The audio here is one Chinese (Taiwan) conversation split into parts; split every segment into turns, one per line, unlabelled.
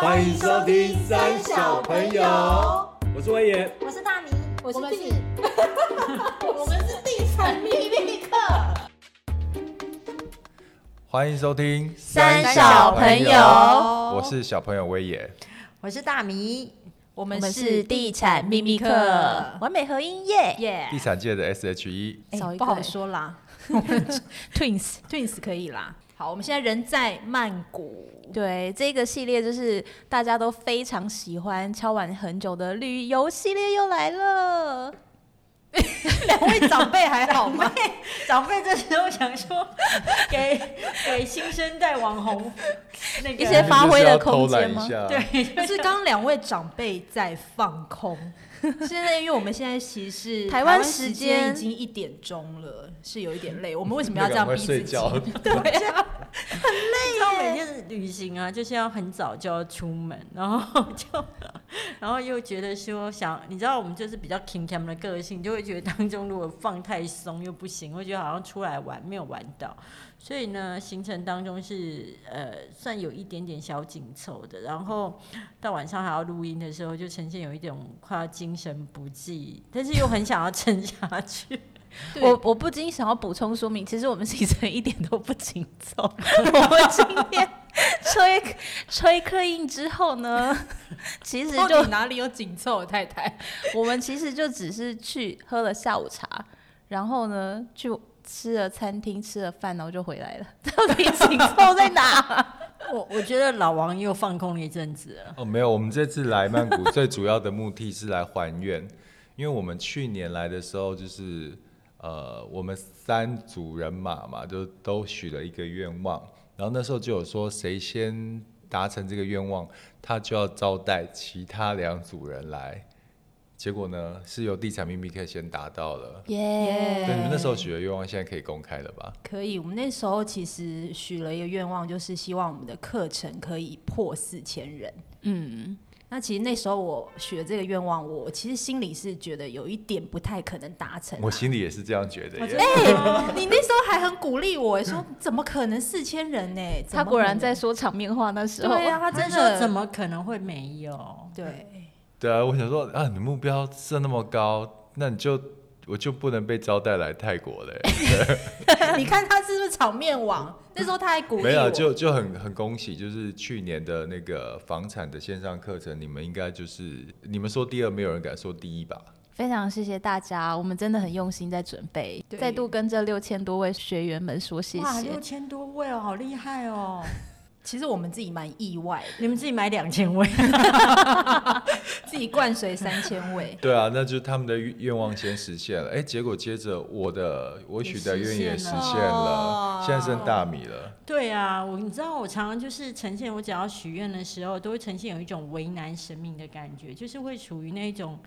歡迎收聽三小朋友，我是崴爺，我是大米，我們是， 我們是地產秘密客。
歡迎收聽三小朋友，朋友我是小朋友崴爺，
我是大米，我們是地產秘密客。咪咪客完美合音耶耶，Yeah. 地
產界的 S H E，、欸
欸，不好說啦
，Twins Twins 可以啦。好，我們現在人在曼谷。對，這個系列就是大家都非常喜歡敲碗很久的旅遊系列又
來了。兩 位長輩還好嗎？ 長輩這時候想說給，給 給新生代網紅那個 一些發
揮的空間嗎？對，是剛兩、啊、位長輩在放空。 現在， 因為我們現在其實台灣時間已經一點鐘了，是有一點累。
我們為什麼要這樣逼自己？對啊，
很
累啊。 每
天旅行啊，就是要很早就要出門，然後就，然後又覺得說想，你知道，我們就是比較 King Cam 的個性，就會覺得當中如果放太鬆又不行，會覺得好像出來玩沒有玩到。所以呢，行程當中是呃算有一點點小緊湊的，然後到晚上還要錄音的時候，就呈現有一種快要精神不濟，但是又很想要撐下去。 對我
我不禁想要補充說明，其實我們行程一點都不緊湊。我們今天吹吹刻印之後呢，其實就哪裡有緊湊太太？ 我們其實就只是去喝了下午茶，然後呢就。吃了餐廳吃了飯，然後就回來了。到底緊湊在哪？
我我覺得老王又放空了一陣子。
哦，沒有，我們這次來曼谷最主要的目的是來還願， 因為我們去年來的時候就是，呃，我們三組人馬嘛，就都許了一個願望，然後那時候就有說，誰先達成這個願望，他就要招待其他兩組人來。結果呢，是由地產秘密課先達到了。耶 Yeah！對，你們那時候許的願望，現在可以公開了吧？
可以，我們那時候其實許了一個願望，就是希望我們的課程可以破四千人。
嗯，
那其實那時候我許的這個願望，我其實心裡是覺得有一點不太可能達成，啊。我
心裡也是這樣覺得。哎，欸、
你那時候
還很鼓勵我說怎：“怎麼可能四千人呢？”他果然在說場面話。那時候，對呀，啊，他真的他怎
麼可能會沒有？對。
對啊，我想說啊，你目標設那麼高，那你就我就不能被招待來泰國嘞。
你看他是不是炒面王？ 那時候他還鼓勵我。沒有，就就很
很恭喜，就是去年的那個房產的線上課程，你們應該就是你們說第二，沒有人敢說第一吧？
非常謝謝大家，我們真的很用心在準備，對再度跟著六千多位學員們說謝謝。哇，六
千多位哦，好厲害哦！ 其實我們自己蠻意外，你們自己買兩千位， 自己灌水三千位，
對啊，那就是他們的願望先實現了。哎、欸，結果接着我的我許的願也實現了，也實現了，現在剩大米了。
哦、對啊，我你知道我常常就是呈現我只要許願的時候，都會呈現有一種為難神明的感覺，就是會處於那種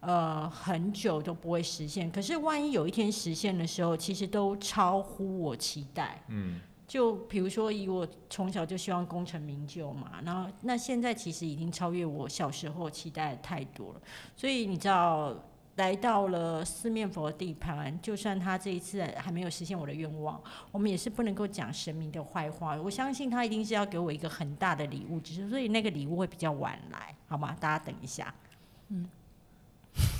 呃很久都不會實現，可是萬一有一天實現的時候，其實都超乎我期待。嗯。就比如說，以我從小就希望功成名就嘛，然後那現在其實已經超越我小時候期待的太多了。所以你知道，來到了四面佛的地盤，就算他這一次還沒有實現我的願望，我們也是不能夠講神明的壞話。我相信他一定是要給我一個很大的禮物，只是所以那個禮物會比較晚來，好嗎？大家等一下。嗯。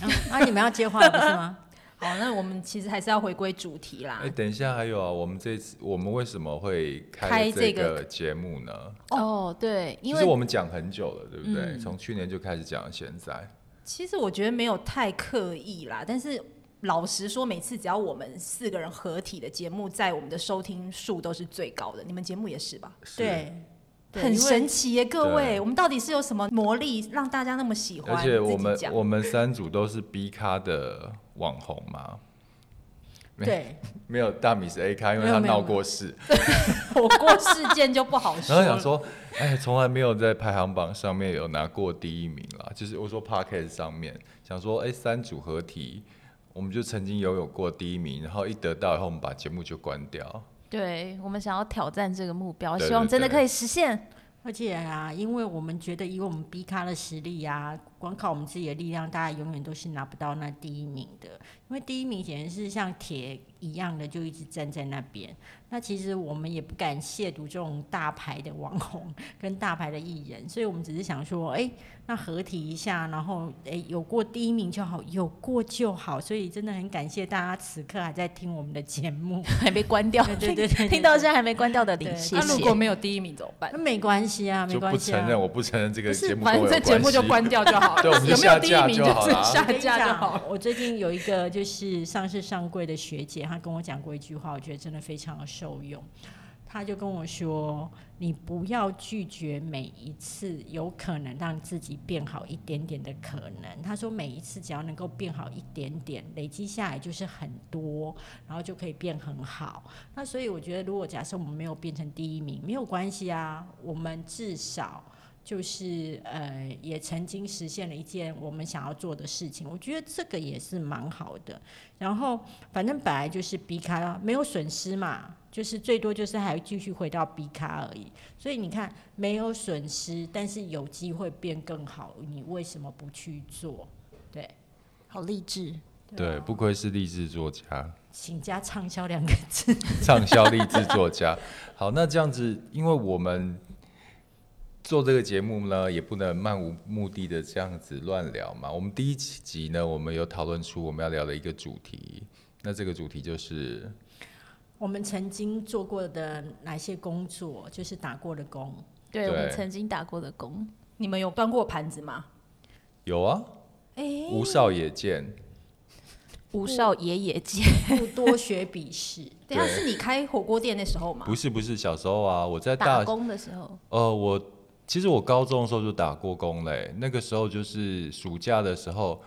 啊， 啊，你們要接話了不是嗎？ 好，那我們其實還是要回歸主題啦。哎、欸，等
一下還有啊，我們這次我們為什麼會開這個節目呢、這個？
哦，對，因為其實我們
講很久了，對不對？從、嗯、去年就開始講到現在。
其實我覺得沒有太刻意啦，但是老實說，每次只要我們四個人合體的節目，在我們的收聽數都是最高的。你們節目也是吧？是對，
對很神
奇耶、欸，各位，對對我們到底是有什麼魔力讓大家那麼喜歡？而且我們我們三
組都是 B 咖的，網紅嘛，對沒，沒有大米是 A 咖，因為他鬧過事，
火 過事件就不好說。 然後想說，
哎、欸，從來沒有在排行榜上面有拿過第一名啦。就是我說 Podcast 上面想說，哎、欸，三組合體，我們就曾經擁有過第一名，然後一得到以後，我們把節目就關掉。
對，我們想要挑戰這個目標，希望真的可以實現，對對對，而且啊，因為我們覺得以我們 B 咖的實力呀、啊。光靠我們自己的力量，大家永遠都是拿不到那第一名的，因為第一名顯然是像鐵一樣的，就一直站在那邊。那其實我們也不敢褻瀆這種大牌的網紅跟大牌的藝人，所以我們只是想說，哎、欸，那合體一下，然後哎、欸，有過第一名就好，有過就好。所以真的很感謝大家此刻還在聽我們的節目，還沒關掉。對,對對對，聽到現在還沒關掉的，對謝謝。那如果沒有第一名怎麼辦？那沒關係
啊，
沒關係。就不承認，啊、我不承認這個節目，反正這節目就關掉就好。 有沒有第一名就最下架
就好了啊。我最近有一個就是上市上櫃的學姐， 她跟我講過一句話，我覺得真的非常的受用。她就跟我說：“你不要拒絕每一次有可能讓自己變好一點點的可能。”她說：“每一次只要能夠變好一點點，累積下來就是很多，然後就可以變很好。”那所以我覺得，如果假設我們沒有變成第一名，沒有關係啊，我們至少。就是呃，也曾經實現了一件我們想要做的事情，我覺得這個也是蠻好的。然後反正本來就是 B 卡沒有損失嘛，就是最多就是還繼續回到 B 卡而已。所以你看，沒有損失，但是有機會變更好，你為什麼不去做？對，好勵志。對，
對，不愧是勵志作家，
請加暢銷兩個
字，暢銷勵志作家。好，那這樣子，因為我們。做這個節目呢，也不能漫無目的的這樣子亂聊嘛。我們第一集呢，我們有討論出我們要聊的一個主題。那這個主題就是
我們曾經做過的哪些工作，就是打過的工。
對，對我們曾
經打過的工，你們有端過盤子嗎？
有啊。哎、欸，吾少也賤。
吾少也賤，不多學鄙事。對啊，對是你開火鍋店的時候嗎？
不是不是，小時候啊，我在打工的時候。呃，我。其實我高中的時候就打過工嘞、欸，那個時候就是暑假的時候，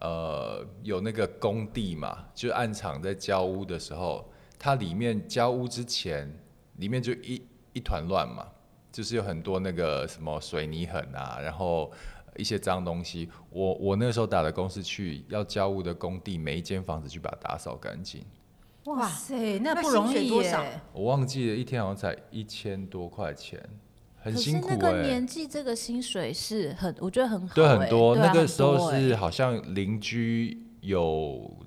呃，有那個工地嘛，就按廠在交屋的時候，它裡面交屋之前，裡面就一一團亂嘛，就是有很多那個什麼水泥痕啊，然後一些髒東西。我我那時候打的工是去要交屋的工地，每一間房子去把它打掃乾淨。
哇塞，那不容易耶！
我忘記了，一天好像才一千多塊錢。很辛苦欸，可是那個年
紀，這個薪水是很，我覺得很好。欸，對很多對。啊，那個時候是、
欸，好像鄰居有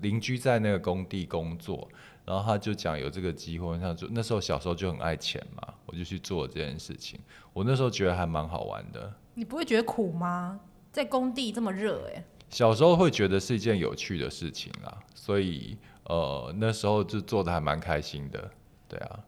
鄰居在那個工地工作，然後他就講有這個機會，他說那時候小時候就很愛錢嘛，我就去做這件事情。我那時候覺得還蠻好玩的。
你不會覺得苦嗎？在工地這麼熱，欸，哎。
小時候會覺得是一件有趣的事情啊，所以呃那時候就做的還蠻開心的。對啊，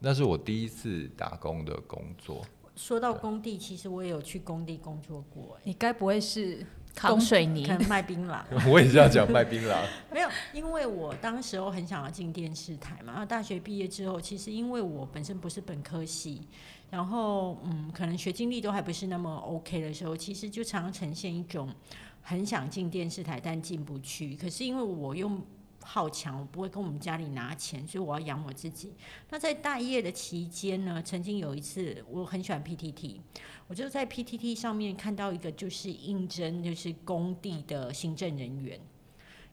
那是我第一次打工的工作。
說到工地，其實我也有去工地工作過。你該不會是扛水泥、賣檳榔？ 我也是要講賣檳榔。 沒有，因為我當時候很想要進電視台嘛。那大學畢業之後，其實因為我本身不是本科系，然後嗯，可能學經歷都還不是那麼 OK 的時候，其實就常呈現一種很想進電視台，但進不去。可是因為我又好強，我不會跟我們家裡拿錢，所以我要養我自己。那在大一的期間呢，曾經有一次，我很喜歡 PTT，我就在 PTT 上面看到一個就是應徵，就是工地的行政人員，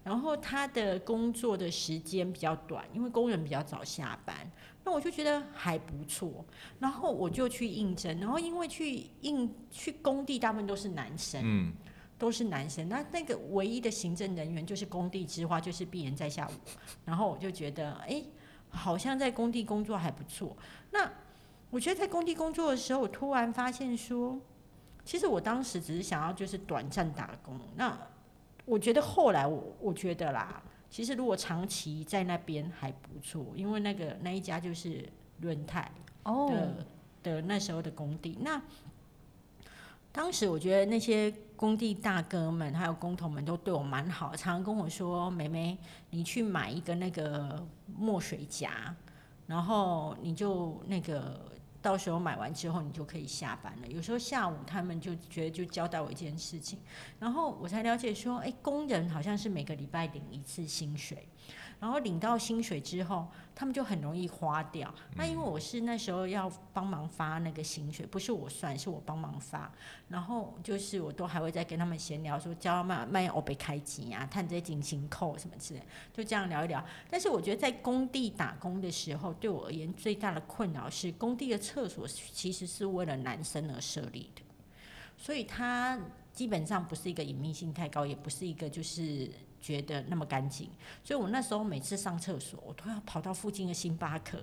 然後他的工作的時間比較短，因為工人比較早下班，那我就覺得還不錯，然後我就去應徵，然後因為去應去工地大部分都是男生，嗯。都是男生，那那個唯一的行政人員就是工地之花，就是碧蓮在下午。然後我就覺得，誒、欸，好像在工地工作還不錯。那我覺得在工地工作的時候，我突然發現說，其實我當時只是想要就是短暫打工。那我覺得後來我我覺得啦，其實如果長期在那邊還不錯，因為那個那一家就是輪胎哦的那時候的工地。那當時我覺得那些。工地大哥們還有工頭們都對我蠻好，常常跟我說：“妹妹，你去買一個那個墨水夾，然後你就那個到時候買完之後你就可以下班了。”有時候下午他們就覺得就交代我一件事情，然後我才了解說：“欸，工人好像是每個禮拜領一次薪水。”然後領到薪水之後，他們就很容易花掉。那、嗯、因為我是那時候要幫忙發那個薪水，不是我算，是我幫忙發。然後就是我都還會再跟他們閒聊，說教他慢買我貝開金啊、探賊警星扣什麼之類，就這樣聊一聊。但是我覺得在工地打工的時候，對我而言最大的困擾是工地的廁所其實是為了男生而設立的，所以它基本上不是一個隱秘性太高，也不是一個就是，覺得那麼乾淨，所以我那時候每次上廁所，我都要跑到附近的星巴克，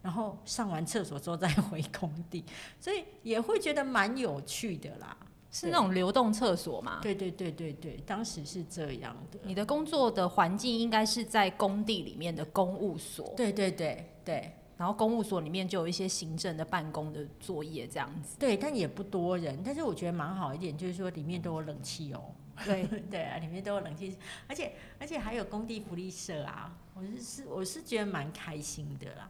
然後上完廁所之後再回工地，所以也會覺得蠻有趣的啦。是那種流動廁所嗎？對對對對對，當時是這樣的。
你的工作的環境應該是在工地裡面的公務所。對對對對。然後公務所裡面就有一些行政的辦公的作業這樣子。嗯、對，但也
不多人，但是我覺得蠻好一點，就是說裡面都有冷氣哦、喔。對對啊，裡面都有冷氣，而且而且還有工地福利社啊，我是是我是覺得蠻開心的啦。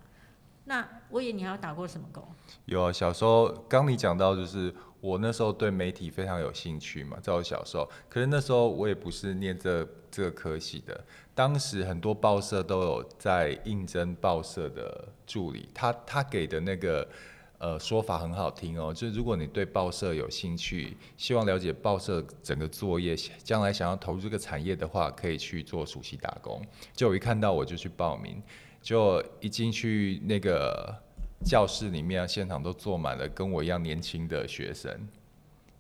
那我以為你還有打過什麼工？
有啊，小時候剛你講到，就是我那時候對媒體非常有興趣嘛，在我小時候。可是那時候我也不是念這這個科系的，當時很多報社都有在應徵報社的助理，他他給的那個。呃，說法很好聽哦，就是如果你對報社有興趣，希望了解報社整個作業，將來想要投入這個產業的話，可以去做暑期打工。就我一看到我就去報名，就一進去那個教室裡面啊，現場都坐滿了跟我一樣年輕的學生，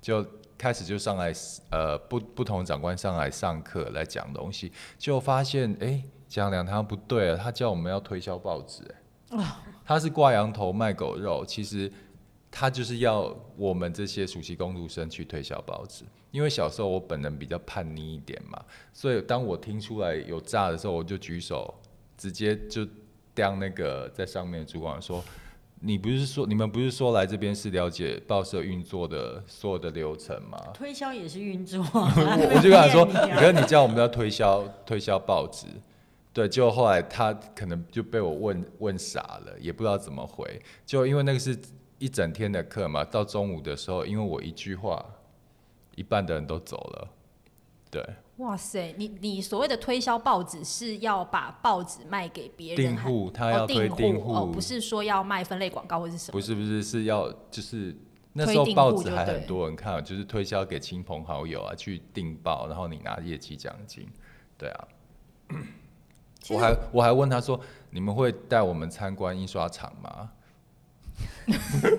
就開始就上來呃不不同長官上來上課來講東西，就發現哎講兩堂不對啊，他叫我們要推銷報紙。哦他是掛羊頭賣狗肉，其實他就是要我們這些暑期工讀生去推銷報紙。因為小時候我本人比較叛逆一點嘛，所以當我聽出來有詐的時候，我就舉手，直接就當那個在上面主管說：“你不是說你們不是說來這邊是了解報社運作的所有的流程嗎？”推銷
也是運作， 我就跟他說：“你可跟你叫
我們要推銷 推銷報紙。”對，就後來他可能就被我問問傻了，也不知道怎麼回。就因為那個是一整天的課嘛，到中午的時候，因為我一句話，一半的人都走了。對，
哇塞，你你所謂的推銷報紙是要把報紙賣給別人？訂戶
他要推訂戶，哦哦，不是
說要賣分類廣告或者是什麼？不
是不是，是要就是那時候報紙還很多人看，就，就是推銷給親朋好友啊，去訂報，然後你拿業績獎金，對啊。 其我還我還問他說：“你們會帶我們參觀印刷廠嗎？”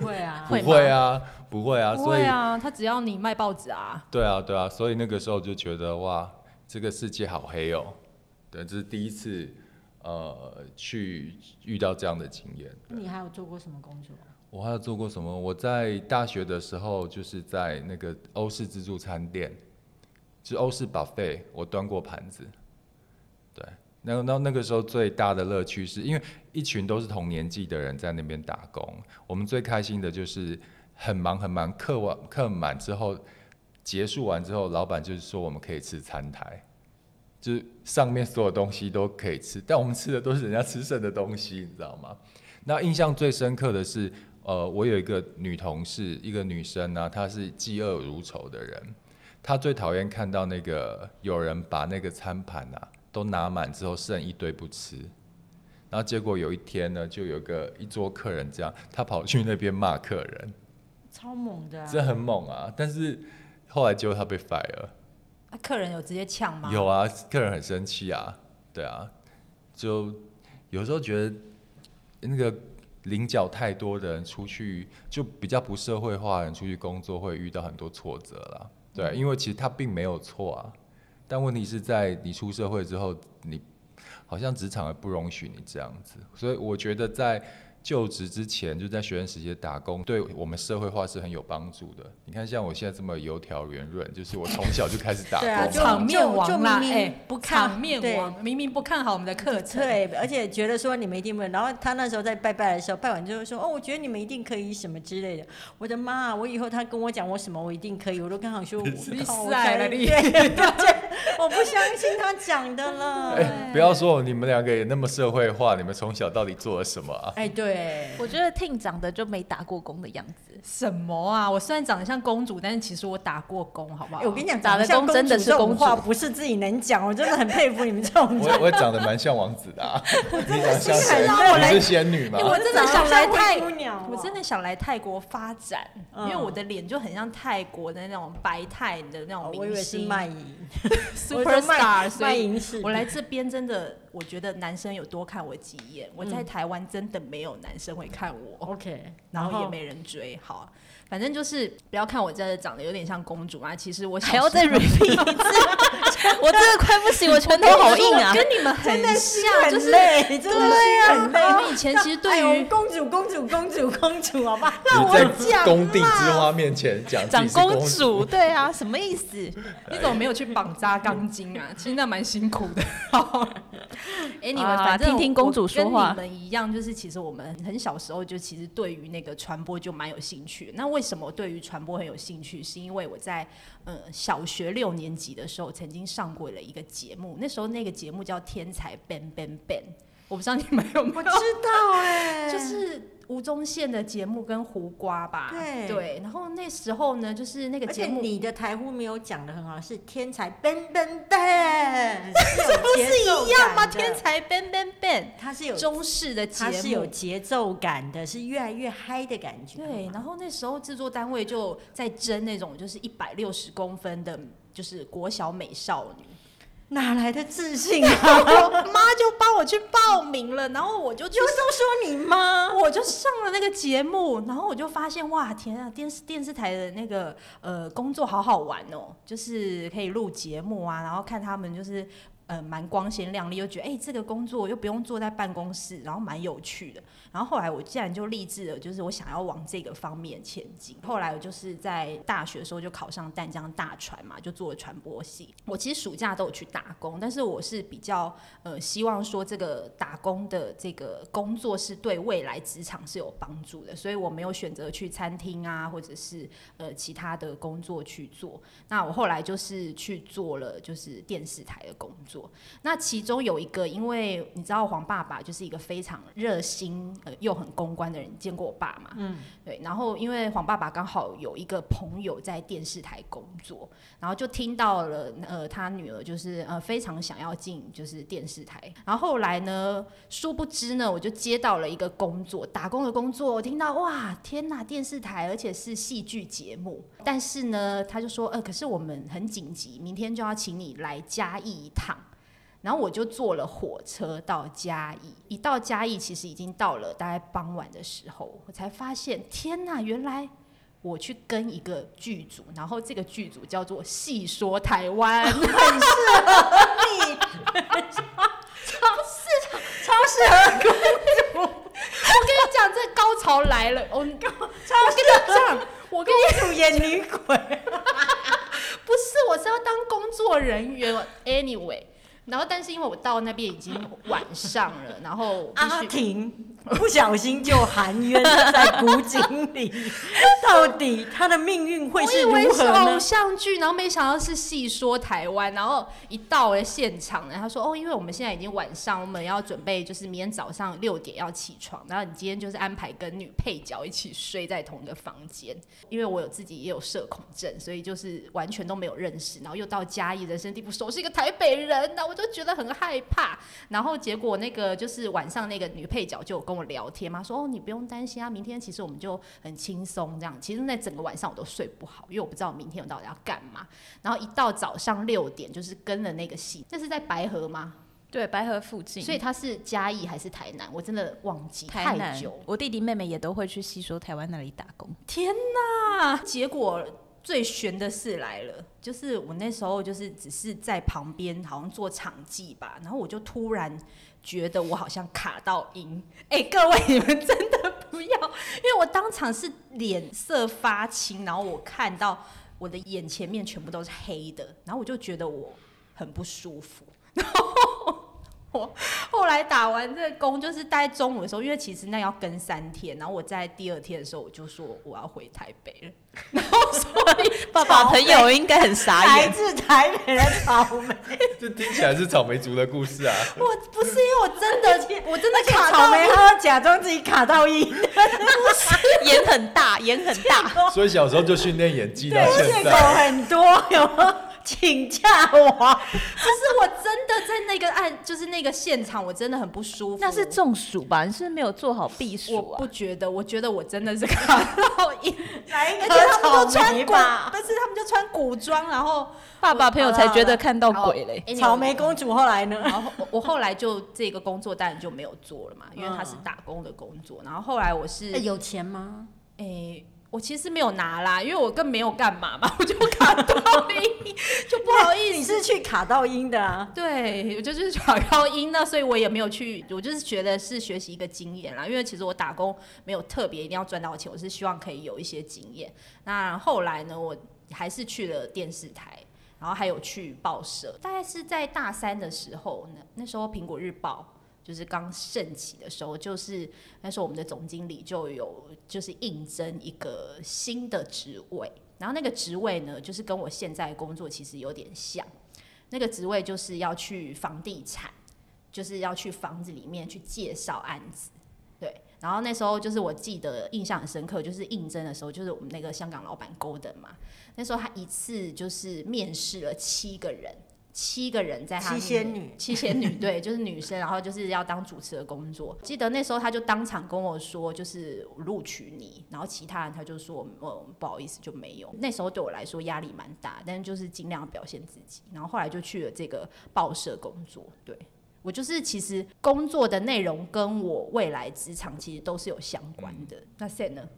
不會啊， 不會啊，
會嗎不會啊。所以不會啊，
他只要你賣報紙啊。
對啊，對啊，所以那個時候就覺得哇，這個世界好黑哦、喔。對，這、就是第一次呃去遇到這樣的經驗。
你還有做過什麼工作、
啊？我還有做過什麼？我在大學的時候就是在那個歐式自助餐店，就歐、是、式 buffet，我端過盤子，對。那那那個時候最大的樂趣是，因為一群都是同年紀的人在那邊打工，我們最開心的就是很忙很忙，客完客滿之後，結束完之後，老闆就是說我們可以吃餐台，就是上面所有東西都可以吃，但我們吃的都是人家吃剩的東西，你知道嗎？那印象最深刻的是，呃，我有一個女同事，一個女生呢、啊，她是嫉惡如仇的人，她最討厭看到那個有人把那個餐盤吶、啊。都拿滿之後剩一堆不吃，然後結果有一天呢，就有個一桌客人這樣，他跑去那邊罵客人，
超猛
的、啊。這很
猛啊！但是後來結果他被 fire。那
客人有直接嗆嗎？有
啊，客人很生氣啊，對啊，就有時候覺得那個稜角太多的人出去，就比較不社會化的人出去工作會遇到很多挫折啦。對、啊，嗯、因為其實他並沒有錯啊。但問題是在你出社會之後，你好像職場也不容許你這樣子，所以我覺得在。就職之前就在學生時期打工，對我們社會化是很有幫助的。你看，像我現在這麼油條圓潤，就是我從小就開始打工。場面王
明明不看場面王。對明明不看好我們的課程對，而且覺得說你們一定不能。然後他那時候在拜拜的時候，拜完之後說，哦，我覺得你們一定可以什麼之類的。我的媽、啊，我以後他跟我講我什麼，我一定可以，我都剛好說對， 我不相信他講的了。哎、
欸，對不要說你們兩個也那麼社會化，你們從小到底做了什麼啊？哎、欸，
對。對，我覺得 Ting 長得就沒打過工的樣子。什麼啊？我雖
然長得像公主，但是其實我打過工，好不好？欸、我跟你講，打的工真的是公主話，不是自己能講。
我真的很佩
服你們這種。我我
長得蠻像王子的，啊。我真的是想來，你是仙女嗎？我
真的想來泰國、 欸，
我真的想來泰國發展，嗯、因為我的臉就很像泰國的那種白泰的那種明星。哦、我以為是賣淫 ，Superstar 賣淫，我來這邊真的。我覺得男生有多看我幾眼，嗯，我在台灣真的沒有男生會看我，OK，然後也沒人追，好。反正就是不要看我這長得有點像公主嘛，其實我還要再 repeat 一次， 我真的快不行，我拳頭好硬啊，欸就是、跟你們很像，是很就是，是對呀、啊，我們、啊、以前其實對於、哎、公主、公主、公主、公主好好，好吧？那我講。工地之花
面前講長公主，
對啊，什麼意思？對你怎麼沒有去綁紮鋼筋啊？ 其實那蠻辛苦的。哎，你們反正聽聽公主說話，跟你們一樣，就是其實我們很小時候就其實對於那個傳播就蠻有興趣。那為為什麼我對於傳播很有興趣？是因為我在呃小學六年級的時候曾經上過了一個節目，那時候那個節目叫《天才變變變》。我不知道你們有沒有，知道哎， 就是吳宗憲的節目跟胡瓜吧，對，然後那時候呢，就是那個節目，你的台呼沒有講的很好，是天才 ben ben ben，嗯、這 不是一樣嗎？天才 ben ben ben，它是有中式的，它是有節奏感的，是越來越嗨的感覺。對，然後那時候製作單位就在徵那種就是一百六十公分的，就是國小美少女。哪來的自信啊？ 然後我媽就幫我去報名了，然後我就就都說你媽，就是、我就上了那個節目， 然後我就發現哇天啊，電視電視台的那個呃工作好好玩哦，就是可以錄節目啊，然後看他們就是呃蠻光鮮亮麗，又覺得哎、欸、這個工作又不用坐在辦公室，然後蠻有趣的。然後後來我竟然就立志了，就是我想要往這個方面前進。後來我就是在大學的時候就考上淡江大傳嘛，就做了傳播系。我其實暑假都有去打工，但是我是比較呃希望說這個打工的這個工作是對未來職場是有幫助的，所以我沒有選擇去餐廳啊，或者是呃其他的工作去做。那我後來就是去做了就是電視台的工作。那其中有一個，因為你知道黃爸爸就是一個非常熱心。呃，又很公關的人見過我爸嘛？嗯，對，然後因為黃爸爸剛好有一個朋友在電視台工作，然後就聽到了，呃，他女兒就是呃非常想要進就是電視台，然後後來呢，殊不知呢，我就接到了一個工作，打工的工作，我聽到哇，天哪，電視台，而且是戲劇節目，但是呢，他就說，呃，可是我們很緊急，明天就要請你來嘉義一趟。然後我就坐了火車到嘉義，一到嘉義其實已經到了大概傍晚的時候，我才發現，天吶，原來我去跟一個劇組，然後這個劇組叫做《戲說台灣》， 很適合你， 超適合，超適合，超超適合工作 我跟你講，這高潮來了，我超，超適合。我跟你講，我跟你組演女鬼， 不是，我是要當工作人員。Anyway。然後，但是因為我到那邊已經晚上了， 然後我必須阿婷。
不小心就含冤在古井裡，到底他的命運會是如何呢？我以為是偶
像劇，然後沒想到是戲說台灣，然後一到了現場呢，他說：“哦，因為我們現在已經晚上，我們要準備就是明天早上六點要起床，然後你今天就是安排跟女配角一起睡在同一個房間。因為我有自己也有社恐症，所以就是完全都沒有認識，然後又到嘉義，人生地不熟，是一個台北人，那我就覺得很害怕。然後結果那個就是晚上那個女配角就跟我聊天嗎？說，哦，你不用擔心啊，明天其實我們就很輕鬆這樣。其實那整個晚上我都睡不好，因為我不知道明天我到底要幹嘛。然後一到早上六點，就是跟了那個戲，
這是在白河嗎？對，白河附近。所以他是嘉義還是台南？我真的忘記台南，太久。我弟弟妹妹也都會去戲說台灣那裡打工。
天哪！結果最懸的事來了，就是我那時候就是只是在旁邊好像做場記吧，然後我就突然。覺得我好像卡到陰，哎、欸，各位你們真的不要，因為我當場是臉色發青，然後我看到我的眼前面全部都是黑的，然後我就覺得我很不舒服。 我後來打完這個工，就是待中午的時候，因為其實那要跟三天，然後我在第二天的時候，我就說我要回台北了。 然後所以爸爸朋友應該很傻眼，來自台北的草莓，這 聽起來
是草莓族的故事啊！
我不是，因為我真的，且我真的卡到沒，我要假裝自己卡到陰，演 很大，演很大。
所以小時候就訓練演技到現在，借口很
多喲。有請假我，可 是我真的在那個案，就是那個現場，我真的很不舒服。那是
中暑吧？
你是不是沒有做好避暑、啊、我不覺得，我覺得我真的是看到一，而且、欸、他們都穿古，但是他們就穿古裝，然後爸爸朋友才覺得看到鬼嘞。草莓公主後來呢？嗯、然後我後來就這個工作當然就沒有做了嘛，因為他是打工的工作。然後後來我是、嗯欸、有錢嗎？哎、欸。我其實沒有拿啦，因為我更沒有幹嘛嘛，我就卡到陰， 就不好意思 你是去卡到陰的啊。對，我就是卡到陰了，那所以我也沒有去，我就是覺得是學習一個經驗啦。因為其實我打工沒有特別一定要賺到錢，我是希望可以有一些經驗。那後來呢，我還是去了電視台，然後還有去報社。大概是在大三的時候呢，那時候蘋果日報。就是剛盛起的時候，就是那時候我們的總經理就有就是應徵一個新的職位，然後那個職位呢，就是跟我現在工作其實有點像，那個職位就是要去房地產，就是要去房子裡面去介紹案子，對，然後那時候就是我記得印象很深刻，就是應徵的時候，就是我們那個香港老闆 Golden 嘛，那時候他一次就是面試了七個人。七個人在他七仙，七仙女，七仙女對，就是女生， 然後就是要當主持的工作。記得那時候他就當場跟我說，就是錄取你，然後其他人他就說，嗯，不好意思就沒有。那時候對我來說壓力蠻大，但是就是盡量表現自己。然後後來就去了這個報社工作。對，我就是其實工作的內容跟我未來職
場其實都是有相關的。嗯、那 Sam 呢？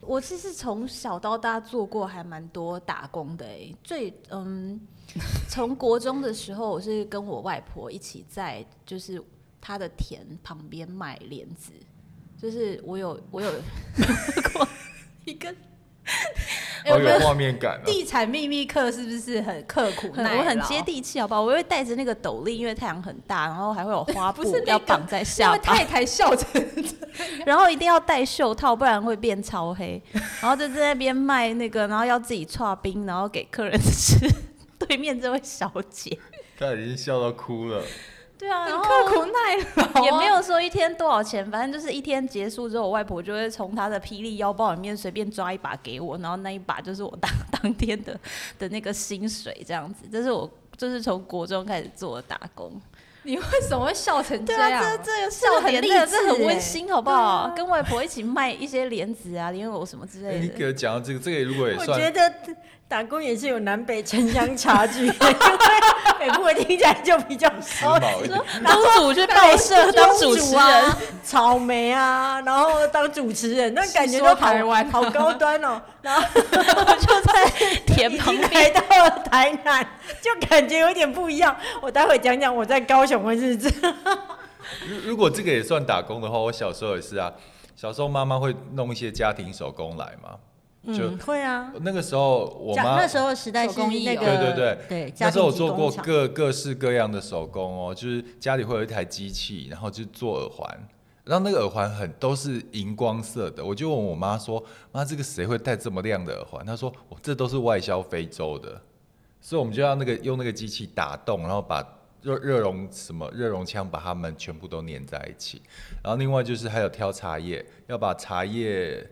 我其實從小到大做過還蠻多打工的、欸、最嗯。從 國中的時候，我是跟我外婆一起在，就是她的田旁邊賣蓮子，就是我有我有過一個，
我有畫 跟面感、啊。地
產秘密課是不是很刻苦耐勞、很，我很接地氣？好不好？我會戴着那個斗笠，因為太陽很大，然後還會有花布 不是你 要綁在下巴，太太笑着然後一定要戴袖，袖套，不然會變超黑。 然後就在那邊賣那個，然後要自己搓冰，然後給客人吃。對面這位小姐，
她已經笑到哭了。
對啊，然後很刻苦耐勞啊，也沒有說一天多少錢， 啊、反正就是一天結束之後，我外婆就會從她的霹靂腰包裡面隨便抓一把給我，然後那一把就是我當當天的的那個薪水這樣子。這是我就是從國中開始做的打工。
你為什麼會笑成這樣？這這個笑點、啊，這個這,笑點 這很溫、
欸、馨，好不好？啊、跟外婆一起賣一些蓮子啊、蓮藕什麼之類的。欸、你
給我講到這個，這個如果也算。 我
覺得打工也是有南北城鄉差距。 因為北部的聽起來就比較少。我後主去報社當主持人，持人草莓啊，然後當主持人，那感覺都好台灣好高端哦，喔。 然後 就在田旁邊來到了台南，就感覺有點不一樣。我待會講講我在高雄的日子。
如如果這個也算打工的話，我小時候也是啊。小時候媽媽會弄一些家庭手工來嘛。就，嗯，會啊。那個時候我，我媽那時
候時代是那個對對對對。對那時候我做過各
各式各樣的手工哦，就是家裡會有一台機器，然後就做耳環，然後那個耳環很都是熒光色的。我就問我媽說：“媽，這個誰會戴這麼亮的耳環？”她說：“我這都是外銷非洲的。”所以，我們就要那個用那個機器打洞，然後把熱熱熔什麼熱熔槍把它們全部都粘在一起。然後另外就是還有挑茶葉，要把茶葉。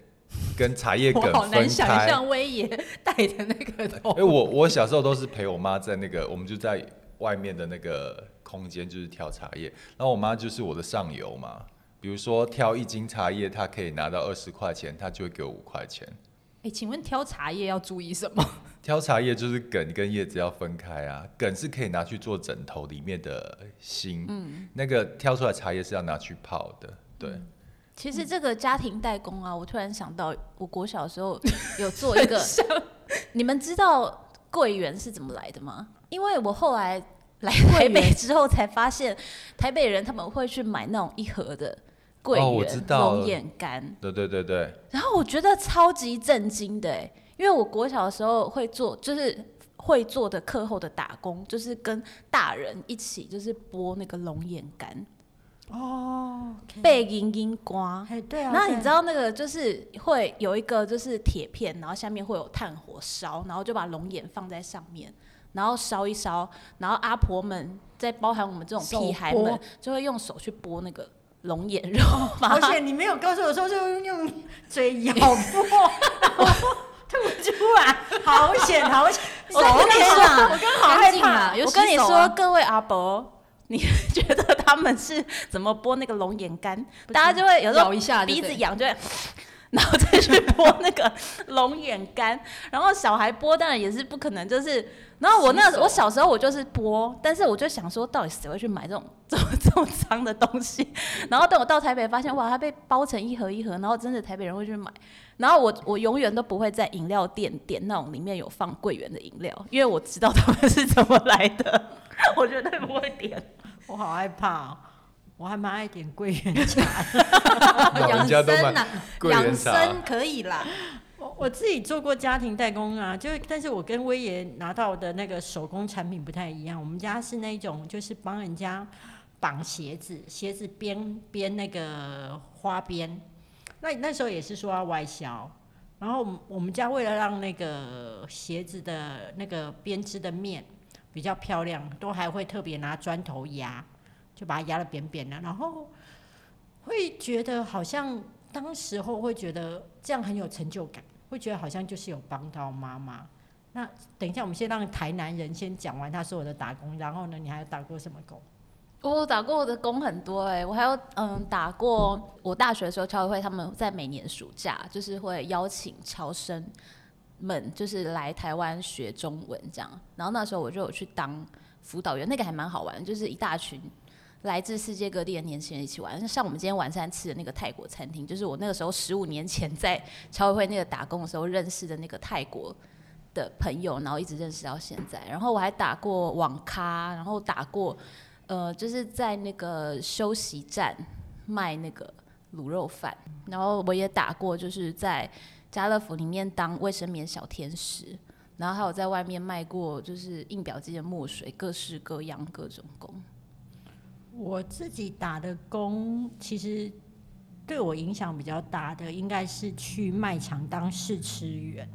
跟茶葉梗分開。我好難想象崴
爺帶的那個、欸。因為我
我小時候都是陪我媽在那個，我們就在外面的那個空間，就是挑茶葉。然後我媽就是我的上游嘛，比如說挑一斤茶葉，她可以拿到二十塊錢，她就會給我五塊錢。
哎、欸，請問挑茶葉要注意什麼？
挑茶葉就是梗跟葉子要分開啊，梗是可以拿去做枕頭裡面的芯，嗯，那個挑出來的茶葉是要拿去泡的，對。
其實這個家庭代工啊，我突然想到，我國小時候有做一個， 很像 你們知道桂圓是怎麼來的嗎？因為我後來來台北之後才發現，台北人他們會去買那種一盒的桂圓龍眼乾。對對對對。然後我覺得超級震驚的哎、欸，因為我國小的時候會做，就是會做的課後的打工，就是跟大人一起就是剝那個龍眼乾。哦，被、oh, okay. 銀銀刮，哎、hey, 對啊。那、okay. 你知道那個就是會有一個就是鐵片，然後下面會有炭火燒，然後就把龍眼放在上面，然後燒一燒，然後阿婆們再包含我們這種屁孩們，就會用手去剝那個龍眼肉。
而且你沒有告訴我說就用嘴咬吐出來，好險好險！我,、OK 啊我剛剛好啊、跟你說，我剛好害怕，我跟你說
各位阿伯。你覺得他們是怎麼剝那個龍眼乾？是大家就會有時候鼻子癢就會。然後再去剝那個龍眼乾， 然後小孩剝當然也是不可能，就是，然後我那個、洗手，我小時候我就是剝，但是我就想說，到底誰會去買這種這麼這麼髒的東西？然後等我到台北發現，哇，它被包成一盒一盒，然後真的台北人會去買。然後我我永遠都不會在飲料店點那種裡面有放桂圓的飲料，因為我知道他們是怎麼來的， 我
絕對不會點， 我好害怕喔。我還蠻愛點桂圓茶，養 老人家都買桂圓茶 生啊，養生可以啦。我我自己做過家庭代工啊，就是但是我跟威爺拿到的那個手工產品不太一樣。我們家是那種就是幫人家綁鞋子，鞋子編編那個花邊。那那時候也是說要外銷，然後我們家為了讓那個鞋子的那個編織的面比較漂亮，都還會特別拿磚頭壓。就把它壓的扁扁的。啊，然後會覺得好像當時候會覺得這樣很有成就感，會覺得好像就是有幫到媽媽。那等一下，我們先讓台南人先講完他說我的打工，然後呢，你還有打過什麼工？
我、哦、打過我的工很多哎、欸，我還有嗯，打過我大學的時候，僑委會他們在每年暑假就是會邀請僑生們就是來台灣學中文這樣，然後那時候我就有去當輔導員，那個還蠻好玩，就是一大群。來自世界各地的年輕人一起玩，像我們今天晚上吃的那個泰國餐廳，就是我那個時候十五年前在超會那個打工的時候認識的那個泰國的朋友，然後一直認識到現在。然後我還打過網咖，然後打過，呃，就是在那個休息站賣那個滷肉飯，然後我也打過，就是在家樂福裡面當衛生棉小天使，然後還有在外面賣過，就是印表機的墨水，各式各樣各種工。
我自己打的工，其實對我影響比較大的，應該是去賣場當試吃員。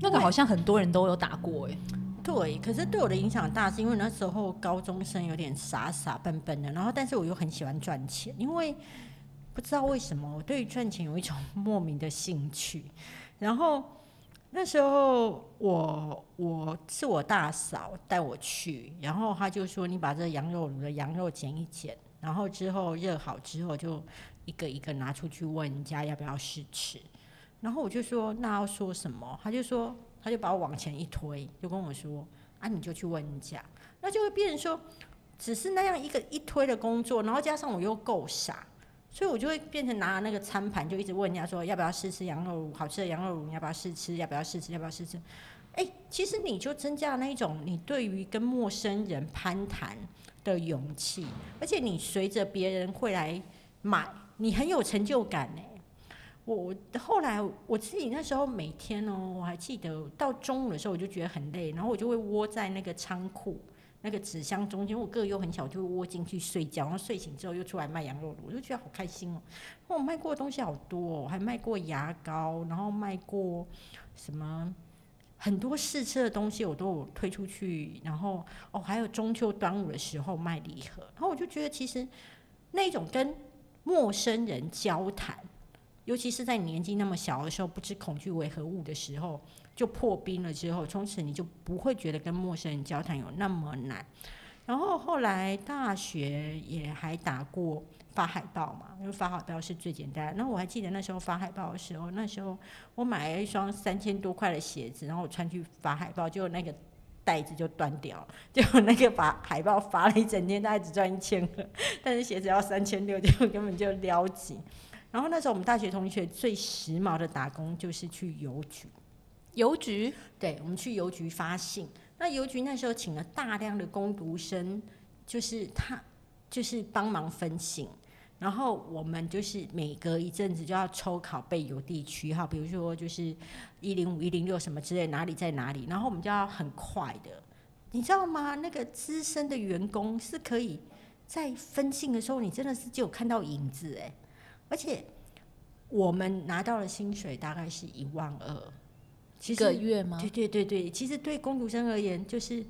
那個好像很多人都有打過誒，對，可是對我的影響大，是因為那時候高中生有點傻傻笨笨的，然後但是我又很喜歡賺錢，因為不知道為什麼我對賺錢有一種莫名的興趣，然後。那時候我我是我大嫂帶我去，然後他就說你把這羊肉你的羊肉剪一剪，然後之後熱好之後就一個一個拿出去問人家要不要試吃，然後我就說那要說什麼？他就說他就把我往前一推，就跟我說啊，你就去問人家，那就會變成說只是那樣一個一推的工作，然後加上我又夠傻。所以我就會變成拿了那個餐盤，就一直問人家說，要不要試吃羊肉爐。好吃的羊肉爐，你要不要試吃，要不要試吃，要不要試吃？誒、欸，其實你就增加了那一種你對於跟陌生人攀談的勇氣，而且你隨着別人會來買，你很有成就感呢、欸。我我後來我自己那時候每天哦、喔，我還記得到中午的時候我就覺得很累，然後我就會窩在那個倉庫。那個紙箱中間，我個子又很小，我就窩進去睡覺，然後睡醒之後又出來賣羊肉，我就覺得好開心哦。我、哦、賣過的東西好多哦，還賣過牙膏，然後賣過什麼很多試吃的東西，我都有推出去。然後哦，還有中秋、端午的時候賣禮盒，然後我就覺得其實那種跟陌生人交談。尤其是在你年紀那麼小的時候，不知恐懼為何物的時候，就破冰了之後，從此你就不會覺得跟陌生人交談有那麼難。然後後來大學也還打過發海報嘛，因為發海報是最簡單的。那我還記得那時候發海報的時候，那時候我買了一雙三千多塊的鞋子，然後我穿去發海報，結果那個袋子就斷掉了，結果那個把海報發了一整天，大概只賺一千塊，但是鞋子要三千六，結果根本就撩起。然後那時候我們大學同學最時髦的打工就是去郵局，郵局，對，我們去郵局發信。那郵局那時候請了大量的工讀生，就是他就是幫忙分信。然後我們就是每隔一陣子就要抽考背郵遞區號，比如說就是一零五一零六什麼之類，哪裡在哪裡。然後我們就要很快的，你知道嗎？那個資深的員工是可以在分信的時候，你真的是只有看到影子誒、欸。而且我們拿到的薪水大概是一萬二，呃、
一個月嗎？對
對對對，其實對工讀生而言，就是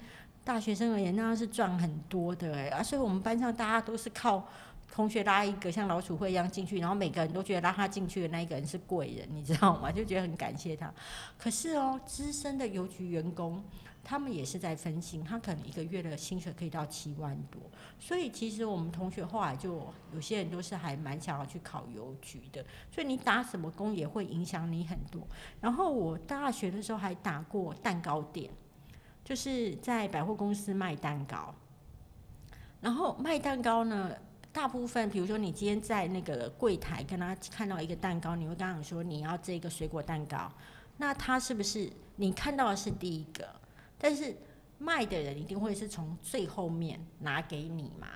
大學生而言，那樣是賺很多的哎、欸。而、啊、所以我們班上大家都是靠同學拉一個像老鼠會一樣進去，然後每個人都覺得拉他進去的那一個人是貴人，你知道嗎？就覺得很感謝他。可是哦、喔，資深的郵局員工。他們也是在分心，他可能一個月的薪水可以到七萬多，所以其實我們同學後來就有些人都是還蠻想要去考郵局的。所以你打什麼工也會影響你很多。然後我大學的時候還打過蛋糕店，就是在百貨公司賣蛋糕。然後賣蛋糕呢，大部分比如說你今天在那個櫃台跟他看到一個蛋糕，你會跟他說你要這個水果蛋糕，那他是不是你看到的是第一個？但是賣的人一定會是從最後面拿給你嘛。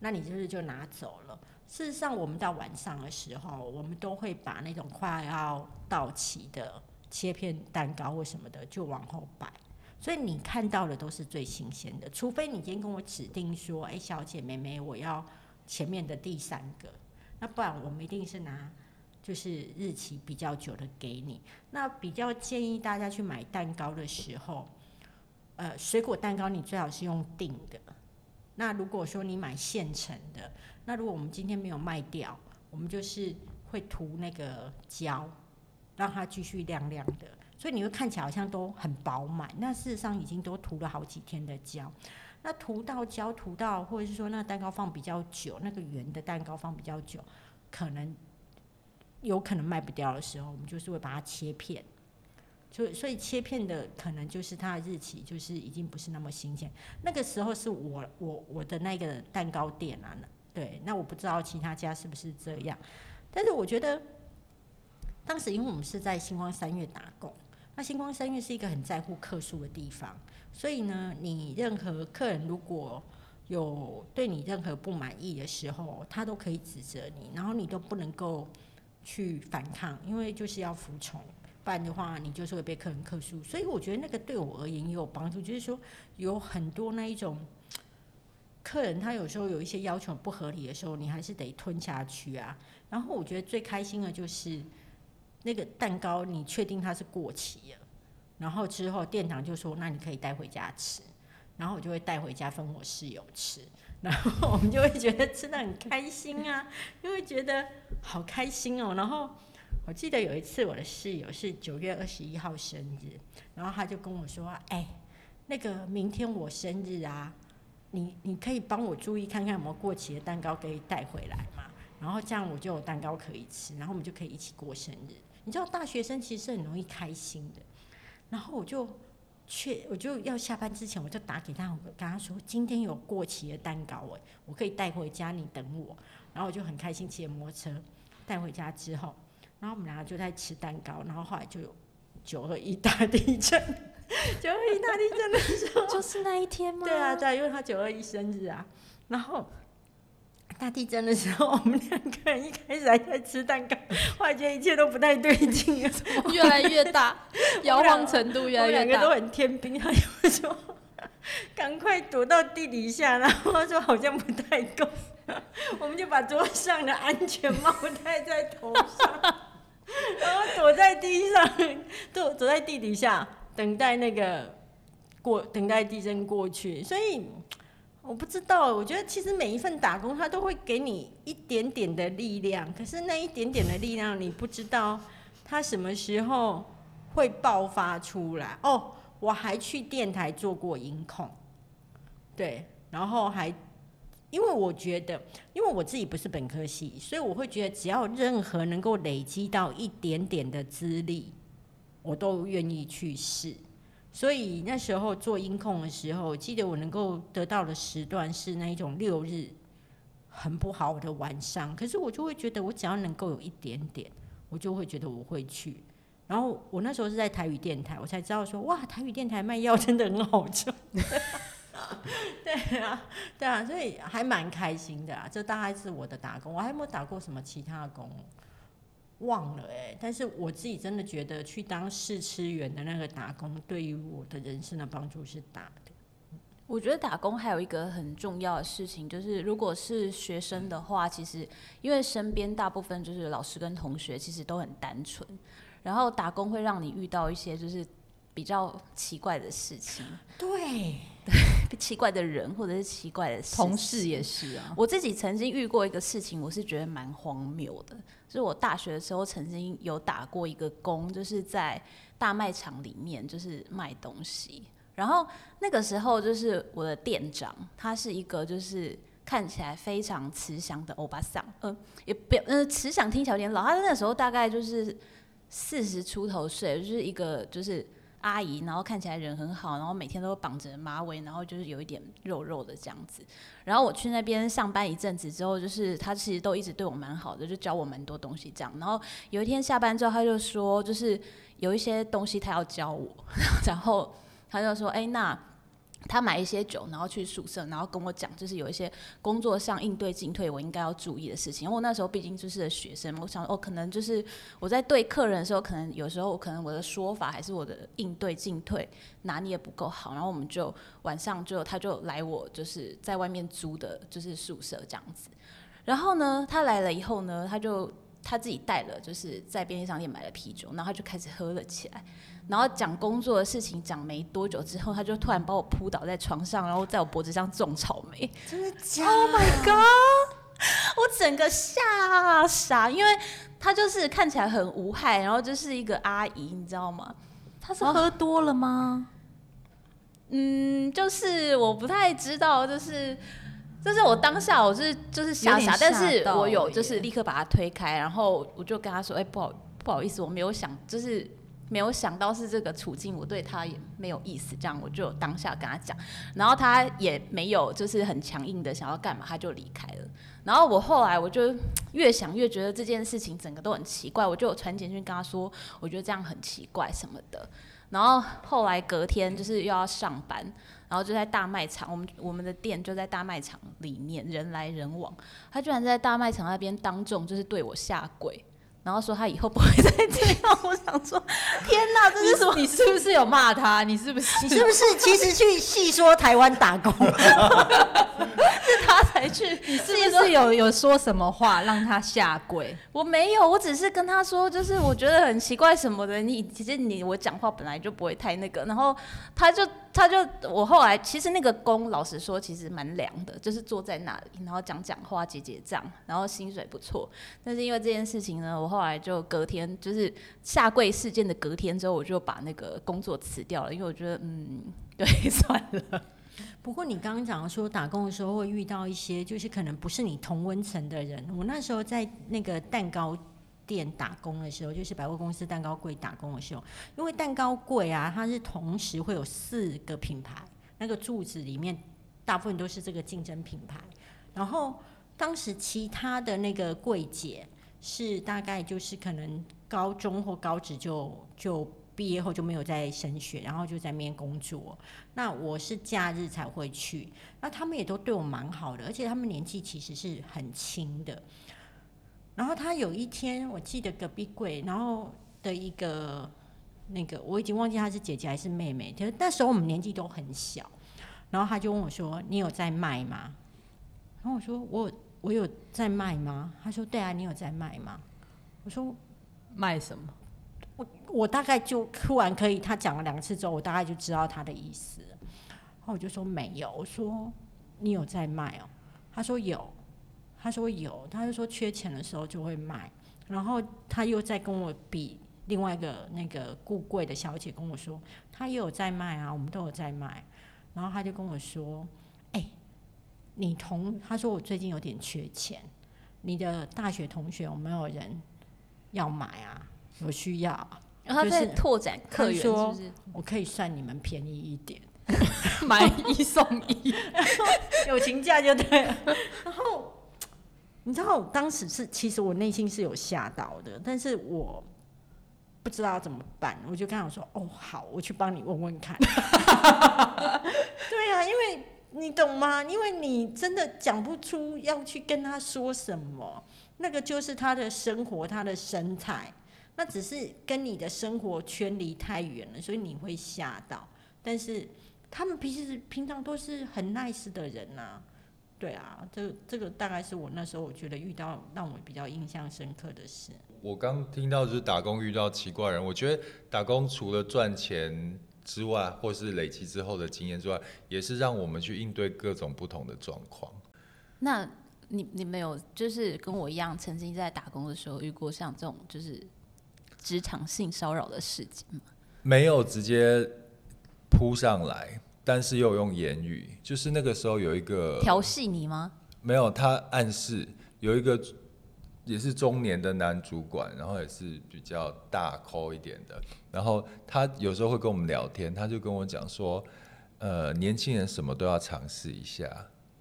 那你就是，是就拿走了。事實上，我們到晚上的時候，我們都會把那種快要到期的切片蛋糕或什麼的就往後擺，所以你看到的都是最新鮮的。除非你今天跟我指定說，哎、欸，小姐、妹妹，我要前面的第三個，那不然我們一定是拿就是日期比較久的給你。那比較建議大家去買蛋糕的時候。呃，水果蛋糕你最好是用訂的。那如果說你買現成的，那如果我們今天沒有賣掉，我們就是會塗那個膠，讓它繼續亮亮的。所以你會看起來好像都很飽滿，那事實上已經都塗了好幾天的膠。那塗到膠塗到，塗到，或者是說那蛋糕放比較久，那個圓的蛋糕放比較久，可能有可能賣不掉的時候，我們就是會把它切片。所以，所以切片的可能就是它的日期，就是已經不是那麼新鮮。那個時候是我，我我的那個蛋糕店啊，對，那我不知道其他家是不是這樣。但是我覺得，當時因為我們是在新光三越打工，那新光三越是一個很在乎客訴的地方，所以呢，你任何客人如果有對你任何不滿意的時候，他都可以指責你，然後你都不能夠去反抗，因為就是要服從。辦的話，你就是會被客人客訴，所以我覺得那個對我而言也有幫助，就是說有很多那一種客人，他有時候有一些要求不合理的時候，你還是得吞下去啊。然後我覺得最開心的就是那個蛋糕，你確定它是過期了，然後之後店長就說，那你可以帶回家吃，然後我就會帶回家分我室友吃，然後我們就會覺得吃得很開心啊，就會覺得好開心哦，然後。我記得有一次，我的室友是九月二十一號生日，然後他就跟我說：“哎、欸，那個明天我生日啊，你你可以幫我注意看看有沒有過期的蛋糕可以帶回來嗎？”然後這樣我就有蛋糕可以吃，然後我們就可以一起過生日。你知道大學生其實是很容易開心的。然後我就去，我就要下班之前，我就打給他，我跟他說：“今天有過期的蛋糕，欸，我我可以帶回家，你等我。”然後我就很開心騎了摩托車帶回家之後。然後我們兩個就在吃蛋糕，然後後來就有九二一大地震。九二一大地震的時候， 就是那一天嗎？對啊，對啊，因為他九二一生日啊。然後大地震的時候， 我們兩個人一開始還在吃蛋糕，後來覺得一切都不太對勁。 越來越大，搖晃程度越來越大，兩個都很天兵，他就說：“趕快躲到地底下。”然後說好像不太夠，我們就把桌上的安全帽戴在頭上。 然後躲在地上，躲躲在地底下，等待那個過，等待地震過去。所以我不知道，我覺得其實每一份打工，他都會給你一點點的力量，可是那一點點的力量，你不知道它什麼時候會爆發出來。哦、喔，我還去電台做過音控，對，然後還。因為我覺得，因為我自己不是本科系，所以我會覺得只要任何能夠累積到一點點的資歷，我都願意去試。所以那時候做音控的時候，我記得我能夠得到的時段是那一種六日很不好的晚上，可是我就會覺得，我只要能夠有一點點，我就會覺得我會去。然後我那時候是在台語電台，我才知道說，哇，台語電台賣藥真的很好笑。 對啊，對啊，啊、所以還蠻開心的啊。這大概是我的打工，我還沒有打過什麼其他工，忘了哎、欸。但是我自己真的覺得，去當試吃員的那個打工，對於我的人生的幫助是大的。
我覺得打工還有一個很重要的事情，就是如果是學生的話，其實因為身邊大部分就是老師跟同學，其實都很單純。然後打工會讓你遇到一些就是。比較奇怪的事情，對，對，奇怪的人或者是奇怪的事，同事也是啊。我自己曾經遇過一個事情，我是覺得蠻荒謬的，就是我大學的時候曾經有打過一個工，就是在大賣場裡面就是賣東西。然後那個時候就是我的店長，他是一個就是看起來非常慈祥的歐巴桑，嗯、呃，也不要，嗯、呃，慈祥聽起來有點老。他在那時候大概就是四十出頭歲，就是一個就是。阿姨，然後看起來人很好，然後每天都綁着馬尾，然後就是有一點肉肉的這樣子。然後我去那邊上班一陣子之後，就是她其實都一直對我蠻好的，就教我蠻多東西這樣。然後有一天下班之後，她就說，就是有一些東西她要教我，然後她就說，誒，那。他買一些酒，然後去宿舍，然後跟我講，就是有一些工作上應對進退，我應該要注意的事情。因為我、哦、那時候畢竟就是學生，我想，哦，可能就是我在對客人的時候，可能有時候，可能我的說法還是我的應對進退拿捏不夠好。然後我們就晚上就他就來我就是在外面租的就是宿舍這樣子。然後呢，他來了以後呢，他就他自己帶了就是在便利商店買了啤酒，然後他就開始喝了起來。然後講工作的事情，講沒多久之後，他就突然把我撲倒在床上，然後在我脖子上種草莓。真的假的？Oh my god！我整個嚇傻，因為他就是看起來很無害，然後就是一個阿姨，你知道嗎？他是、啊、喝多了嗎？嗯，就是我不太知道，就是就是我當下我是就是嚇、欸、但是我有就是立刻把他推開，然後我就跟他說：“哎，不好，不好意思，我沒有想就是。”沒有想到是這個處境，我對他也沒有意思，這樣我就當下跟他講，然後他也沒有就是很強硬的想要幹嘛，他就離開了。然後我後來我就越想越覺得這件事情整個都很奇怪，我就有傳簡訊跟他說，我覺得這樣很奇怪什麼的。然後後來隔天就是又要上班，然後就在大賣場，我們我們的店就在大賣場裡面，人來人往，他居然在大賣場那邊當眾就是對我下跪。然後說他以後不會再這樣，我想說，天哪，這是什麼？你，你是不是有
罵他？你是不是？你是不是其實去戲說台灣打工？
你是不是有
有說什麼話讓他下跪？
我沒有，我只是跟他說，就是我覺得很奇怪什麼的。你其實你我講話本來就不會太那個，然後他就他就我後來其實那個工，老實說其實蠻涼的，就是坐在那裡，然後講講話結結賬，然後薪水不錯。但是因為這件事情呢，我後來就隔天就是下跪事件的隔天之後，我就把那個工作辭
掉了，因為我覺得嗯，對，算了。不過你剛剛講到說打工的時候會遇到一些，就是可能不是你同溫層的人。我那時候在那個蛋糕店打工的時候，就是百貨公司蛋糕櫃打工的時候，因為蛋糕櫃啊，它是同時會有四個品牌，那個柱子裡面大部分都是這個競爭品牌。然後當時其他的那個櫃姐是大概就是可能高中或高職就就。畢業後就沒有再升學，然後就在那邊工作。那我是假日才會去，那他們也都對我蠻好的，而且他們年紀其實是很輕的。然後他有一天，我記得隔壁櫃，然後的一個那個，我已經忘記他是姐姐還是妹妹。其實那時候我們年紀都很小，然後他就問我說：“你有在賣嗎？”然後我說：“我我有在賣嗎？”他說：“對啊，你有在賣嗎？”我說：“賣什麼？”我大概就突然可以，他講了兩次之後，我大概就知道他的意思。然後我就說沒有，我說你有在賣哦、喔。他說有，他說有，他就說，說缺錢的時候就會賣。然後他又在跟我比另外一個那個顧櫃的小姐跟我說，他也有在賣啊，我們都有在賣。然後他就跟我說，哎，你同他說我最近有點缺錢，你的大學同學有沒有人要買啊？有需要、啊。就是、哦、拓展客源，就是看說，客源是不是？我可以算你們便宜一點， 買一送一，友情價就對了。 然後你知道當時是，其實我內心是有嚇到的，但是我不知道要怎麼辦，我就跟我說：“哦，好，我去幫你問問看。” 對呀、啊，因為你懂嗎？因為你真的講不出要去跟他說什麼，那個就是他的生活，他的身材。那只是跟你的生活圈離太遠了，所以你會嚇到。但是他們平時平常都是很 nice 的人吶，啊，對啊，這這個大概是我那時候我覺得遇到讓我比較印象深刻的事。
我剛聽到就是打工遇到奇怪人，我覺得打工除了賺錢之外，或是累積之後的經驗之外，也是讓我們去應對各種不同的狀況。
那你你沒有就是跟我一樣，曾經在打工的時候遇過像這種就是。職場性騷擾的事情，
沒有直接撲上來，但是又用言語，就是那個時候有一個調戲你嗎？沒有，他暗示有一個也是中年的男主管，然後也是比較大咖一點的，然後他有時候會跟我們聊天，他就跟我講說：“呃，年輕人什麼都要嘗試一下，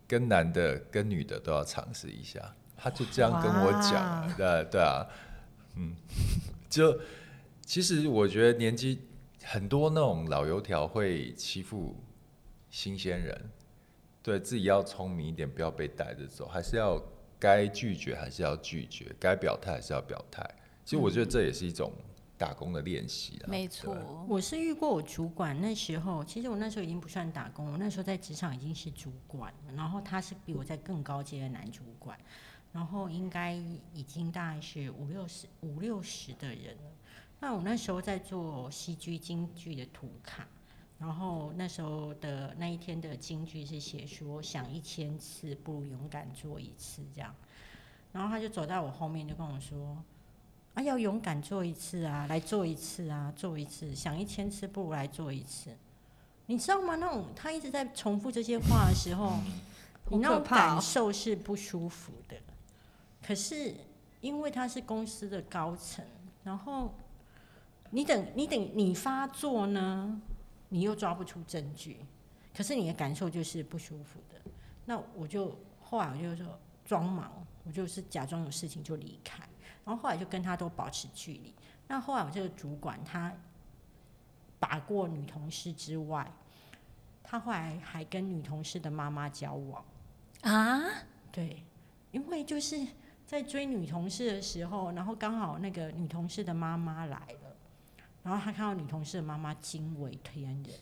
跟男的跟女的都要嘗試一下。”他就這樣跟我講，哇對對啊，嗯。 就其實，我覺得年紀很多那種老油條會欺負新鮮人，對自己要聰明一點，不要被帶着走，還是要該拒絕還是要拒絕，該表態還是要表態。其實我覺得這也是一種打工的練習。
沒錯，我是遇過我主管那時候，其實我那時候已經不算打工，我那時候在職場已經是主管，然後他是比我在更高階的男主管。然後應該已經大概是五六十、五六十的人，那我那時候在做戲劇、京劇的圖卡，然後那時候的那一天的京劇是寫說“想一千次，不如勇敢做一次”這樣。然後他就走在我後面，就跟我說：“啊，要勇敢做一次啊，來做一次啊，做一次，想一千次不如來做一次。”你知道嗎？那種他一直在重複這些話的時候， 不可怕哦、你那種感受是不舒服的。可是，因為他是公司的高層，然後你等你等你發作呢，你又抓不出證據，可是你的感受就是不舒服的。那我就後來我就說裝忙，我就是假裝有事情就離開，然後後來就跟他都保持距離。那後來我這個主管他，把過女同事之外，他後來還跟女同事的媽媽交往啊？對，因為就是。在追女同事的時候，然後剛好那個女同事的媽媽來了，然後他看到女同事的媽媽驚為天人，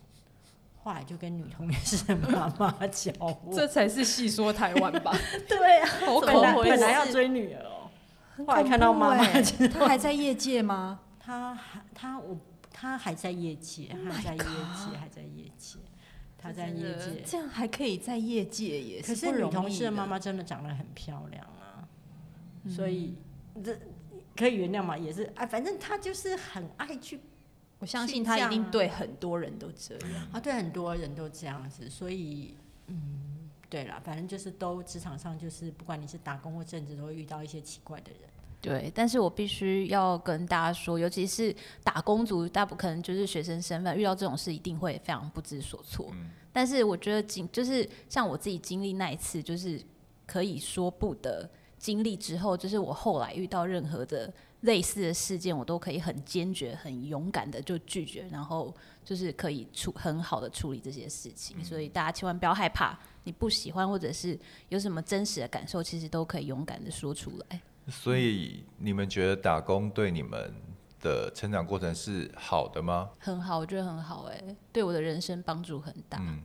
後來就跟女同事的媽媽交往，嗯。這才是戲說台灣吧？ 對啊，好恐怖，本來要追女兒哦，喔，欸，後來看到媽媽，她還在業界嗎？她還她我她，她，她還在業界，還在業界，還在業界，她在業界，這樣還可以在業界也是不容易。可是女同事的媽媽真的長得很漂亮。所以、嗯、這可以原諒嘛？也是啊、哎，反正他就是很愛去。我相信他一定對很多人都這樣他、嗯啊、對很多人都這樣子。所以嗯，對了，反正就是都職場上，就是不管你是打工或正職，都會遇到一些奇怪的人。
對，但是我必須要跟大家說，尤其是打工族，大部分可能就是學生身份，遇到這種事一定會非常不知所措。嗯、但是我覺得經就是像我自己經歷那一次，就是可以說不得。經歷之後，就是我後來遇到任何的類似的事件，我都可以很堅決、很勇敢的就拒絕，然後就是可以處很好的處理這些事情。嗯、所以大家千萬不要害怕，你不喜歡或者是有什麼真實的感受，其實都可以勇敢的說出來。
所以你們覺得打工對你們的成長過程是好的嗎？
很好，我覺得很好，哎、欸，對我的人生幫助很大。嗯，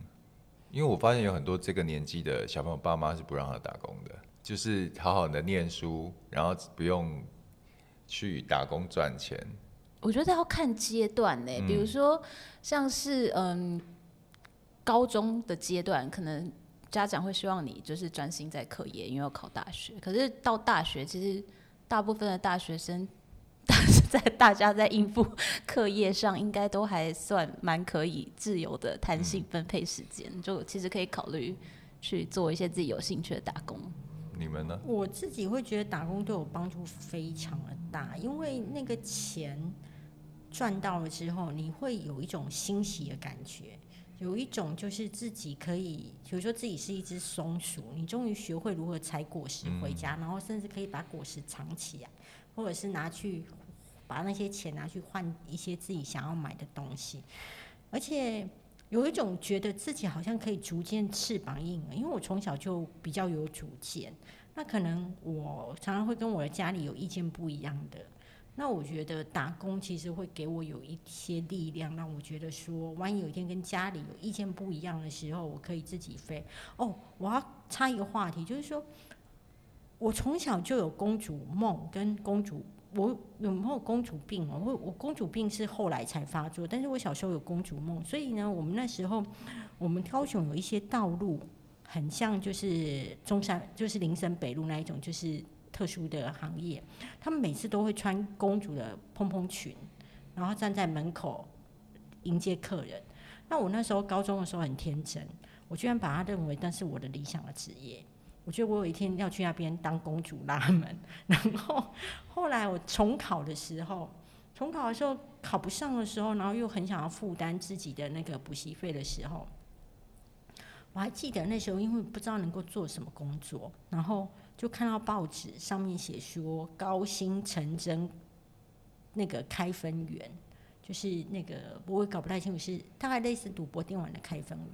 因為我發現有很多這個年紀的小朋友，爸媽是不讓他打工的。就是好好的念書，然後不用去打工賺錢。
我覺得要看階段呢、欸，嗯、比如說像是嗯高中的階段，可能家長會希望你就是專心在課業，因為要考大學。可是到大學，其實大部分的大學生在大家在應付課業上，應該都還算蠻可以自由的彈性分配時間，嗯、就其實可以考慮去做一些自己有
興趣的打工。
你們呢？
我自己會覺得打工對我幫助非常的大，因為那個錢賺到了之後，你會有一種欣喜的感覺，有一種就是自己可以，比如說自己是一隻松鼠，你終於學會如何採果實回家，嗯、然後甚至可以把果實藏起來，或者是拿去把那些錢拿去換一些自己想要買的東西，而且。有一種覺得自己好像可以逐漸翅膀硬了，因為我從小就比較有主見，那可能我常常會跟我的家裡有意見不一樣的。那我覺得打工其實會給我有一些力量，讓我覺得說，萬一有一天跟家裡有意見不一樣的時候，我可以自己飛。哦，我要插一個話題，就是說，我從小就有公主夢跟公主。我有沒有公主病？我我公主病是後來才發作，但是我小時候有公主夢，所以呢，我們那時候我們挑選有一些道路，很像就是中山，就是林森北路那一種，就是特殊的行業，他們每次都會穿公主的蓬蓬裙，然後站在門口迎接客人。那我那時候高中的時候很天真，我居然把它認為那是我的理想的職業。覺得我就有一天要去那邊當公主拉門，然後後來我重考的時候，重考的時候考不上的時候，然後又很想要負擔自己的那個補習費的時候，我還記得那時候，因為不知道能夠做什麼工作，然後就看到報紙上面寫說高薪成真，那個開分員，就是那個，我也搞不太清楚，是大概類似賭博電玩的開分員。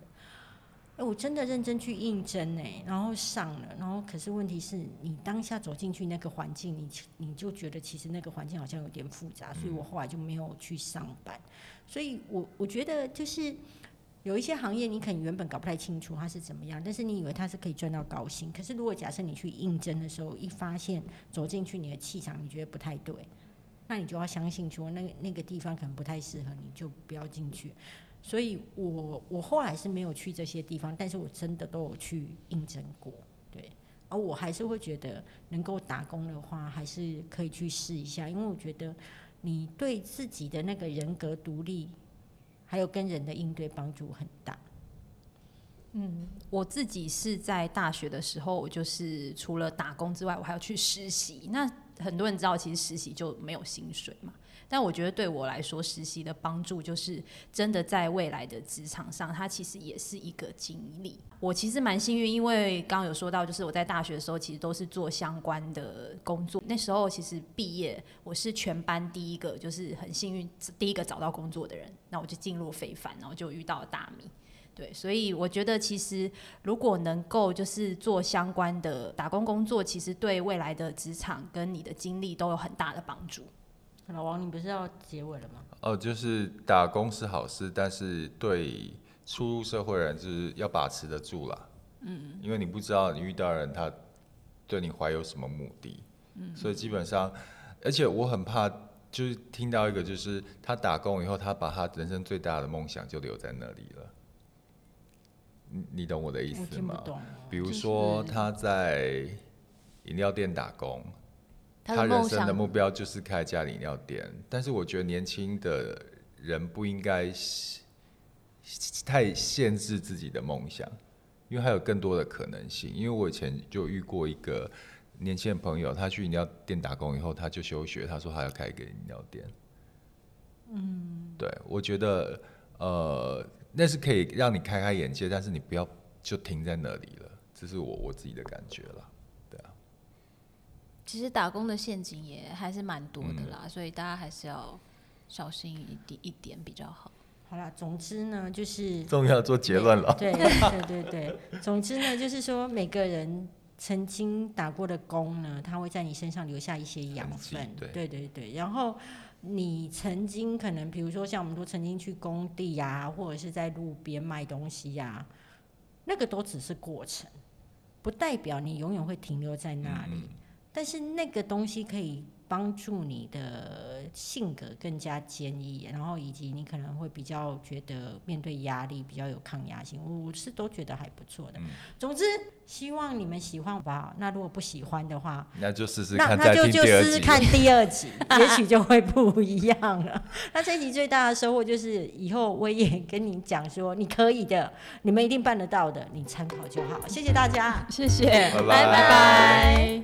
誒，欸、我真的認真去應徵誒、欸，然後上了，然後可是問題是你當下走進去那個環境你，你你就覺得其實那個環境好像有點複雜，所以我後來就沒有去上班。嗯、所以我我覺得就是有一些行業，你可能原本搞不太清楚它是怎麼樣，但是你以為它是可以賺到高薪，可是如果假設你去應徵的時候一發現走進去你的氣場，你覺得不太對，那你就要相信說那個、那個地方可能不太適合你，就不要進去。所以我我後來是沒有去這些地方，但是我真的都有去應徵過，對，而我還是會覺得能夠打工的話，還是可以去試一下，因為我覺得你對自己的那個人格獨立，還有跟人的應對幫助很大。嗯，我自己是在大學的
時候，我就是除了打工之外，我還要去實習。那很多人知道，其實實習就沒有薪水嘛。但我覺得對我來說，實習的幫助就是真的在未來的職場上，它其實也是一個經歷。我其實蠻幸運，因為剛剛有說到，就是我在大學的時候，其實都是做相關的工作。那時候其實畢業，我是全班第一個，就是很幸運第一個找到工作的人。那我就進入非凡，然後就遇到了大米。對，所以我覺得其實如果能夠就是做相關的打工工作，其實對未來的職場跟你的經歷都有很大的幫助。
老王，你不是要結尾了
嗎？哦，就是打工是好事，但是對初入社會人就是要把持得住啦。嗯嗯。因為你不知道你遇到人他對你懷有什麼目的。嗯哼。所以基本上，而且我很怕就是聽到一個，就是他打工以後，他把他人生最大的夢想就留在那裡了。你，你懂我的意思嗎？我聽不懂。比如說他在飲料店打工。他人生的目標就是開家飲料店，但是我覺得年輕的人不應該太限制自己的夢想，因為他有更多的可能性。因為我以前就遇過一個年輕的朋友，他去飲料店打工以後，他就休學，他說他要開一個飲料店。嗯，對，我覺得呃，那是可以讓你開開眼界，但是你不要就停在那裡了，這是我我自己的感覺了。
其實打工的陷阱，也還是蠻多的啦，嗯、所以大家還是要小心一點。一點比較好。好啦，總之呢，
就是重要做結論了對。對對對對， 總之呢，就是說每個人曾經打過的工呢，他會在你身上留下一些養分。對，對對對，然後你曾經可能比如說像我們都曾經去工地呀、啊，或者是在路邊賣東西呀、啊，那個都只是過程，不代表你永遠會停留在那裡。嗯但是那個東西可以幫助你的性格更加堅毅，然後以及你可能會比較覺得面對壓力比較有抗壓性，我是都覺得還不錯的。嗯、總之，希望你們喜歡吧。那如果不喜歡的話，那就試試看。那，那就就試試看第二集， 也許就會不一樣了。 那這集最大的收穫就是以後我也跟你講說，你可以的，你們一定辦得到的，你參考就好。謝謝大家，謝謝，
拜拜。拜
拜。